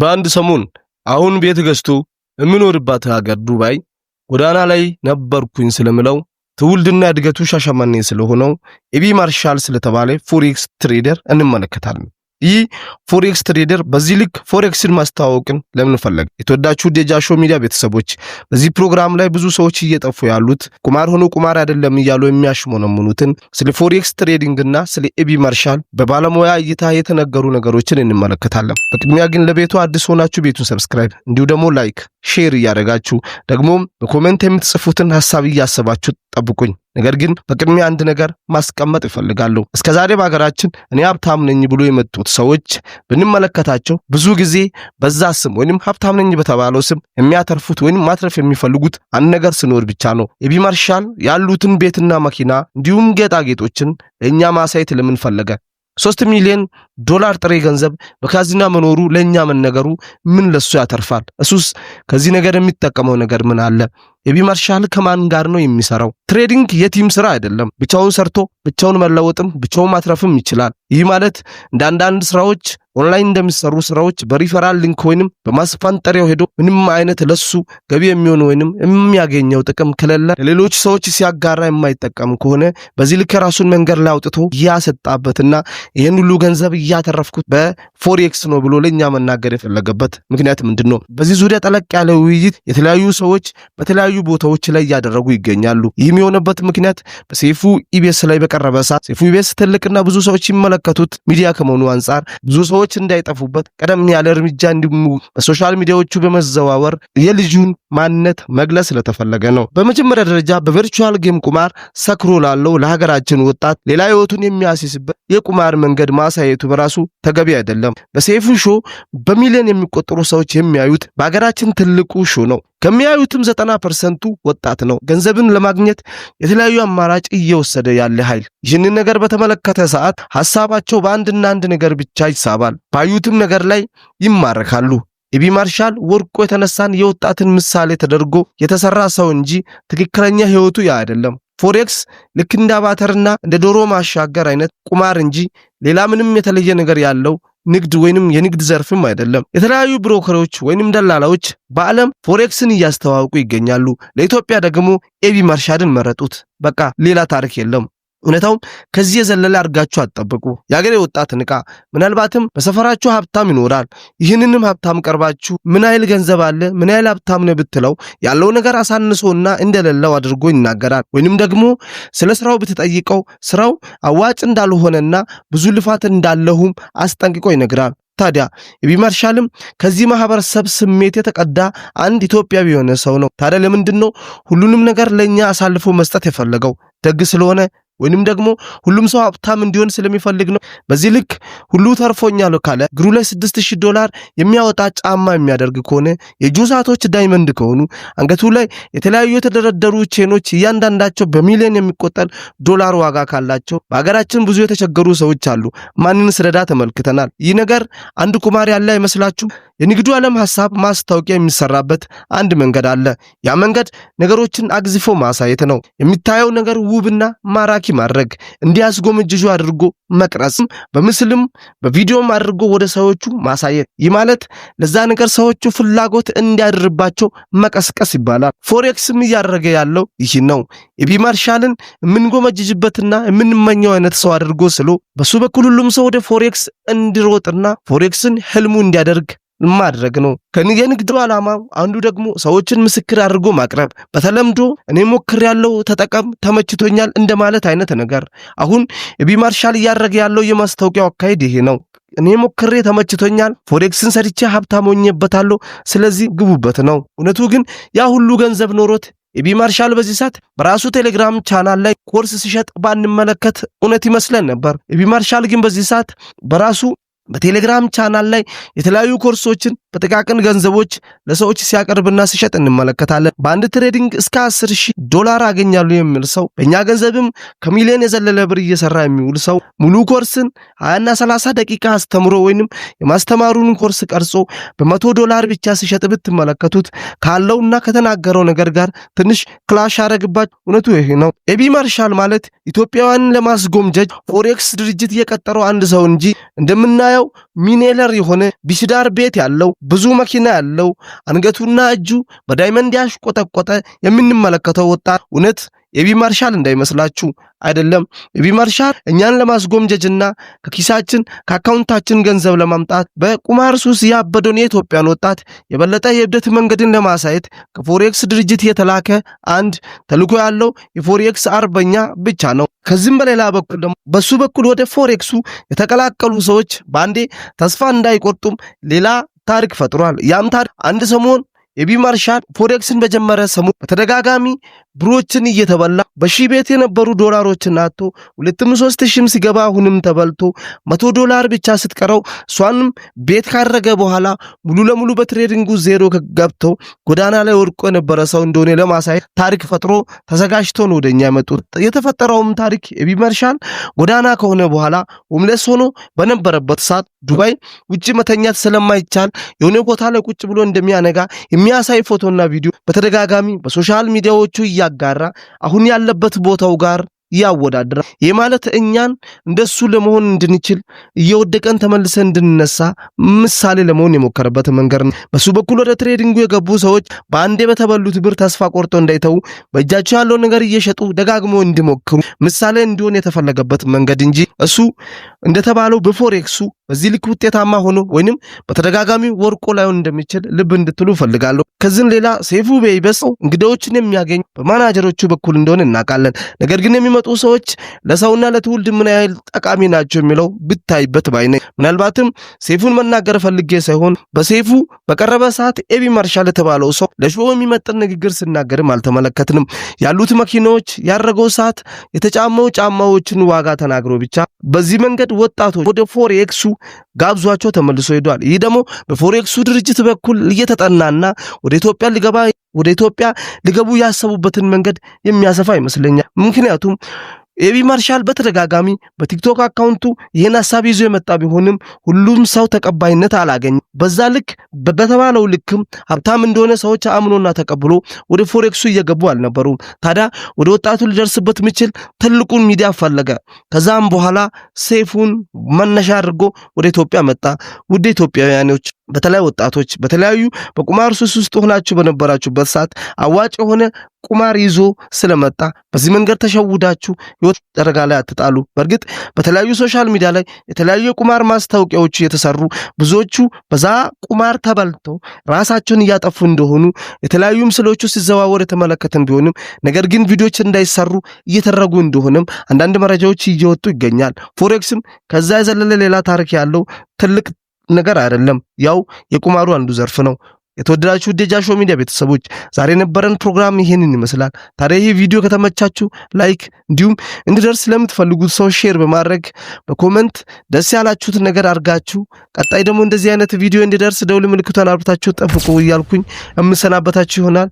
በአንድ ሰሞን አሁን ቤት ገዝቶ የሚኖርባት ሀገር ዱባይ ጎዳና ላይ ነበርኩኝ ስለምለው ትውልድና እድገቱ ሻሸመኔ ስለሆነው ኤቢ ማርሻል ስለተባለ ፎሬክስ ትሬደር እንመለከታለን። ይህ ፎሬክስ ትሬደር በዚህ ልክ ፎሬክስን ማስተዋወቅን ለምን ፈለገ? የተወዳችሁ ዴጃሾ ሚዲያ ቤተሰቦች በዚህ ፕሮግራም ላይ ብዙ ሰዎች እየጠፉ ያሉት ቁማር ሆኖ ቁማር አይደለም እያሉ የሚያሽሞነሙኑትን ስለ ፎሬክስ ትሬዲንግና ስለ ኤቢ ማርሻል በባለሙያ እይታ የተነገሩ ነገሮችን እንመለከታለን። በቅድሚያ ግን ለቤቱ አዲስ ሆናችሁ ቤቱን ሰብስክራይብ እንዲሁ ደግሞ ላይክ ሼር እያደረጋችሁ ደግሞም በኮሜንት የምትጽፉትን ሀሳብ እያሰባችሁ ጠብቁኝ። ነገር ግን በቅድሚያ አንድ ነገር ማስቀመጥ ይፈልጋለሁ። እስከ ዛሬ በሀገራችን እኔ ሀብታም ነኝ ብሎ የመጡት ሰዎች ብንመለከታቸው ብዙ ጊዜ በዛ ስም ወይም ሀብታም ነኝ በተባለው ስም የሚያተርፉት ወይም ማትረፍ የሚፈልጉት አንድ ነገር ስኖር ብቻ ነው። የቢ ማርሻል ያሉትን ቤትና መኪና እንዲሁም ጌጣጌጦችን እኛ ማሳየት ለምን ፈለገ? ሶስት ሚሊዮን ዶላር ጥሬ ገንዘብ በካዝና መኖሩ ለእኛ መነገሩ ምን ለሱ ያተርፋል? እሱስ ከዚህ ነገር የሚጠቀመው ነገር ምን አለ? ኤቢ ማርሻል ከማን ጋር ነው የሚሰራው? ትሬዲንግ የቲም ስራ አይደለም። ብቻውን ሰርቶ ብቻውን መለወጥም ብቻውን ማትረፍም ይችላል። ይህ ማለት እንደ አንዳንድ ስራዎች ኦንላይን እንደሚሰሩ ስራዎች በሪፈራል ሊንክ ወይንም በማስፈንጠሪያው ሄዶ ምንም አይነት ለሱ ገቢ የሚሆን ወይንም የሚያገኘው ጥቅም ከሌለ ለሌሎች ሰዎች ሲያጋራ የማይጠቀም ከሆነ በዚህ ልክ የራሱን መንገድ ላይ አውጥቶ እያሰጣበትና ይህን ሁሉ ገንዘብ እያተረፍኩት በፎሬክስ ነው ብሎ ለእኛ መናገር የፈለገበት ምክንያት ምንድን ነው? በዚህ ዙሪያ ጠለቅ ያለ ውይይት የተለያዩ ሰዎች በተለያዩ በተለያዩ ቦታዎች ላይ እያደረጉ ይገኛሉ። ይህም የሆነበት ምክንያት በሴፉ ኢቤስ ላይ በቀረበ ሰዓት ሴፉ ኢቤስ ትልቅና ብዙ ሰዎች ይመለከቱት ሚዲያ ከመሆኑ አንጻር ብዙ ሰዎች እንዳይጠፉበት ቀደም ያለ እርምጃ እንዲሙ በሶሻል ሚዲያዎቹ በመዘዋወር የልጁን ማንነት መግለጽ ስለተፈለገ ነው። በመጀመሪያ ደረጃ በቨርቹዋል ጌም ቁማር ሰክሮ ላለው ለሀገራችን ወጣት ሌላ ህይወቱን የሚያሲስበት የቁማር መንገድ ማሳየቱ በራሱ ተገቢ አይደለም። በሴፉ ሾ በሚሊዮን የሚቆጠሩ ሰዎች የሚያዩት በሀገራችን ትልቁ ሾ ነው። ከሚያዩትም ዘጠና ፐርሰንቱ ወጣት ነው። ገንዘብን ለማግኘት የተለያዩ አማራጭ እየወሰደ ያለ ኃይል ይህንን ነገር በተመለከተ ሰዓት ሀሳባቸው በአንድና አንድ ነገር ብቻ ይሳባል። ባዩትም ነገር ላይ ይማረካሉ። ኢቢ ማርሻል ወርቆ የተነሳን የወጣትን ምሳሌ ተደርጎ የተሰራ ሰው እንጂ ትክክለኛ ህይወቱ ያ አይደለም። ፎሬክስ ልክ እንደ አባተርና እንደ ዶሮ ማሻገር አይነት ቁማር እንጂ ሌላ ምንም የተለየ ነገር ያለው ንግድ ወይንም የንግድ ዘርፍም አይደለም። የተለያዩ ብሮከሮች ወይንም ደላላዎች በዓለም ፎሬክስን እያስተዋውቁ ይገኛሉ። ለኢትዮጵያ ደግሞ ኤቢ መርሻድን መረጡት። በቃ ሌላ ታሪክ የለም። እውነታውም ከዚህ የዘለለ አድርጋችሁ አትጠብቁ። የአገሬ ወጣት ንቃ። ምናልባትም በሰፈራችሁ ሀብታም ይኖራል። ይህንንም ሀብታም ቀርባችሁ ምን ያህል ገንዘብ አለ፣ ምን ያህል ሀብታም ነው ብትለው ያለው ነገር አሳንሶና እንደሌለው አድርጎ ይናገራል። ወይንም ደግሞ ስለ ስራው ብትጠይቀው ስራው አዋጭ እንዳልሆነና ብዙ ልፋት እንዳለሁም አስጠንቅቆ ይነግራል። ታዲያ የቢማርሻልም ከዚህ ማህበረሰብ ስሜት የተቀዳ አንድ ኢትዮጵያዊ የሆነ ሰው ነው። ታዲያ ለምንድን ነው ሁሉንም ነገር ለእኛ አሳልፎ መስጠት የፈለገው? ደግ ስለሆነ ወይንም ደግሞ ሁሉም ሰው ሀብታም እንዲሆን ስለሚፈልግ ነው። በዚህ ልክ ሁሉ ተርፎኛል ካለ እግሩ ላይ 6000 ዶላር የሚያወጣ ጫማ የሚያደርግ ከሆነ የእጁ ሰዓቶች ዳይመንድ ከሆኑ አንገቱ ላይ የተለያዩ የተደረደሩ ቼኖች እያንዳንዳቸው በሚሊዮን የሚቆጠር ዶላር ዋጋ ካላቸው በሀገራችን ብዙ የተቸገሩ ሰዎች አሉ። ማንን ስረዳ ተመልክተናል። ይህ ነገር አንድ ቁማር ያለ አይመስላችሁ? የንግዱ ዓለም ሐሳብ ማስታወቂያ የሚሰራበት አንድ መንገድ አለ። ያ መንገድ ነገሮችን አግዝፎ ማሳየት ነው። የሚታየው ነገር ውብና ማራኪ ማድረግ፣ እንዲያስጎመጅጁ አድርጎ መቅረጽም፣ በምስልም በቪዲዮም አድርጎ ወደ ሰዎቹ ማሳየት። ይህ ማለት ለዛ ነገር ሰዎቹ ፍላጎት እንዲያድርባቸው መቀስቀስ ይባላል። ፎሬክስም እያደረገ ያለው ይህ ነው። የቢ ማርሻልን የምንጎመጅጅበትና የምንመኘው አይነት ሰው አድርጎ ስሎ በሱ በኩል ሁሉም ሰው ወደ ፎሬክስ እንዲሮጥና ፎሬክስን ህልሙ እንዲያደርግ ማድረግ ነው። የንግዱ ዓላማ አንዱ ደግሞ ሰዎችን ምስክር አድርጎ ማቅረብ፣ በተለምዶ እኔ ያለው ተጠቀም፣ ተመችቶኛል እንደማለት አይነት ነገር። አሁን ኢቢ ማርሻል እያደረገ ያለው የማስታወቂያው አካሄድ ይሄ ነው። እኔ ሞክሬ ተመችቶኛል፣ ፎሬክስን ሰርቼ ሀብታም ሆኜበታለሁ፣ ስለዚህ ግቡበት ነው። እውነቱ ግን ያ ሁሉ ገንዘብ ኖሮት የቢ ማርሻል በዚህ ሰዓት በራሱ ቴሌግራም ቻናል ላይ ኮርስ ሲሸጥ ባንመለከት እውነት ይመስለን ነበር። የቢ ማርሻል ግን በዚህ ሰዓት በራሱ በቴሌግራም ቻናል ላይ የተለያዩ ኮርሶችን በጥቃቅን ገንዘቦች ለሰዎች ሲያቀርብና ሲሸጥ እንመለከታለን። በአንድ ትሬዲንግ እስከ 10 ሺህ ዶላር አገኛሉ የሚል ሰው፣ በእኛ ገንዘብም ከሚሊዮን የዘለለ ብር እየሰራ የሚውል ሰው ሙሉ ኮርስን 20ና 30 ደቂቃ አስተምሮ ወይንም የማስተማሩን ኮርስ ቀርጾ በመቶ ዶላር ብቻ ሲሸጥ ብትመለከቱት ካለውና ከተናገረው ነገር ጋር ትንሽ ክላሽ አረግባት እውነቱ ይህ ነው። ኤቢ ማርሻል ማለት ኢትዮጵያውያንን ለማስጎምጀጅ ፎሬክስ ድርጅት የቀጠረው አንድ ሰው እንጂ እንደምናየው ሚኔለር የሆነ ቢሽዳር ቤት ያለው ብዙ መኪና ያለው አንገቱና እጁ በዳይመንድ ያሽቆጠቆጠ የምንመለከተው ወጣት እውነት የቢ ማርሻል እንዳይመስላችሁ። አይደለም የቢ ማርሻል እኛን ለማስጎምጀጅና ከኪሳችን ከአካውንታችን ገንዘብ ለማምጣት በቁማር ሱስ ያበደውን የኢትዮጵያን ወጣት የበለጠ የእብደት መንገድን ለማሳየት ከፎሬክስ ድርጅት የተላከ አንድ ተልኮ ያለው የፎሬክስ አርበኛ ብቻ ነው። ከዚህም በሌላ በኩል ደግሞ በሱ በኩል ወደ ፎሬክሱ የተቀላቀሉ ሰዎች በአንዴ ተስፋ እንዳይቆርጡም ሌላ ታሪክ ፈጥሯል። ያም ታሪክ አንድ ሰሞን የቢ ማርሻል ፎሬክስን በጀመረ ሰሙ በተደጋጋሚ ብሮችን እየተበላ በሺ ቤት የነበሩ ዶላሮችን አቶ ሁለትም ሶስት ሺም ሲገባ አሁንም ተበልቶ መቶ ዶላር ብቻ ስትቀረው እሷንም ቤት ካረገ በኋላ ሙሉ ለሙሉ በትሬዲንጉ ዜሮ ገብተው ጎዳና ላይ ወድቆ የነበረ ሰው እንደሆነ ለማሳየት ታሪክ ፈጥሮ ተዘጋጅቶ ነው ወደኛ የመጡት። የተፈጠረውም ታሪክ የቢ ማርሻል ጎዳና ከሆነ በኋላ ሆምሌስ ሆኖ በነበረበት ሰዓት ዱባይ ውጭ መተኛት ስለማይቻል የሆነ ቦታ ላይ ቁጭ ብሎ እንደሚያነጋ የሚያሳይ ፎቶና ቪዲዮ በተደጋጋሚ በሶሻል ሚዲያዎቹ እያጋራ አሁን ያለበት ቦታው ጋር ያወዳድራል። ይህ ማለት እኛን እንደሱ ለመሆን እንድንችል እየወደቀን ተመልሰን እንድንነሳ ምሳሌ ለመሆን የሞከረበት መንገድ ነው። በሱ በኩል ወደ ትሬዲንጉ የገቡ ሰዎች በአንዴ በተበሉት ብር ተስፋ ቆርጦ እንዳይተዉ በእጃቸው ያለው ነገር እየሸጡ ደጋግሞ እንዲሞክሩ ምሳሌ እንዲሆን የተፈለገበት መንገድ እንጂ እሱ እንደተባለው በፎሬክሱ በዚህ ልክ ውጤታማ ሆኖ ወይንም በተደጋጋሚ ወርቆ ላይሆን እንደሚችል ልብ እንድትሉ ፈልጋለሁ። ከዚህም ሌላ ሴፉ በይበስ እንግዳዎችን የሚያገኝ በማናጀሮቹ በኩል እንደሆነ እናውቃለን። ነገር ግን የሚመጡ ሰዎች ለሰውና ለትውልድ ምን ያህል ጠቃሚ ናቸው የሚለው ብታይበት ባይ ነኝ። ምናልባትም ሴፉን መናገር ፈልጌ ሳይሆን በሴፉ በቀረበ ሰዓት ኤቢ ማርሻል የተባለው ሰው ለሾ የሚመጥን ንግግር ስናገርም አልተመለከትንም። ያሉት መኪናዎች፣ ያረገው ሰዓት፣ የተጫመው ጫማዎችን ዋጋ ተናግሮ ብቻ በዚህ መንገድ ወጣቶች ወደ ፎሬክሱ ጋብዟቸው ተመልሶ ሄዷል። ይህ ደግሞ በፎሬክሱ ድርጅት በኩል እየተጠናና ወደ ኢትዮጵያ ሊገባ ወደ ኢትዮጵያ ሊገቡ ያሰቡበትን መንገድ የሚያሰፋ ይመስለኛል። ምክንያቱም ኤቢ ማርሻል በተደጋጋሚ በቲክቶክ አካውንቱ ይህን ሀሳብ ይዞ የመጣ ቢሆንም ሁሉም ሰው ተቀባይነት አላገኝም። በዛ ልክ በተባለው ልክም ሀብታም እንደሆነ ሰዎች አምኖና ተቀብሎ ወደ ፎሬክሱ እየገቡ አልነበሩም። ታዲያ ወደ ወጣቱ ሊደርስበት ምችል ትልቁን ሚዲያ ፈለገ። ከዛም በኋላ ሴፉን መነሻ አድርጎ ወደ ኢትዮጵያ መጣ። ውድ ኢትዮጵያውያኖች በተለይ ወጣቶች በተለያዩ በቁማር ሱስ ውስጥ ሆናችሁ በነበራችሁበት ሰዓት አዋጭ የሆነ ቁማር ይዞ ስለመጣ በዚህ መንገድ ተሸውዳችሁ ህይወት አደጋ ላይ አትጣሉ። በእርግጥ በተለያዩ ሶሻል ሚዲያ ላይ የተለያዩ የቁማር ማስታወቂያዎች የተሰሩ ብዙዎቹ በዛ ቁማር ተበልተው ራሳቸውን እያጠፉ እንደሆኑ የተለያዩ ምስሎቹ ሲዘዋወር የተመለከትን ቢሆንም ነገር ግን ቪዲዮዎች እንዳይሰሩ እየተደረጉ እንደሆነም አንዳንድ መረጃዎች እየወጡ ይገኛል። ፎሬክስም ከዛ የዘለለ ሌላ ታሪክ ያለው ትልቅ ነገር አይደለም። ያው የቁማሩ አንዱ ዘርፍ ነው። የተወደዳችሁ ደጃሾ ሚዲያ ቤተሰቦች ዛሬ የነበረን ፕሮግራም ይሄንን ይመስላል። ታዲያ ይህ ቪዲዮ ከተመቻችሁ ላይክ፣ እንዲሁም እንዲደርስ ለምትፈልጉት ሰው ሼር በማድረግ በኮመንት ደስ ያላችሁትን ነገር አድርጋችሁ ቀጣይ ደግሞ እንደዚህ አይነት ቪዲዮ እንድደርስ ደውል ምልክቷን አብርታችሁ ጠብቁ እያልኩኝ የምሰናበታችሁ ይሆናል።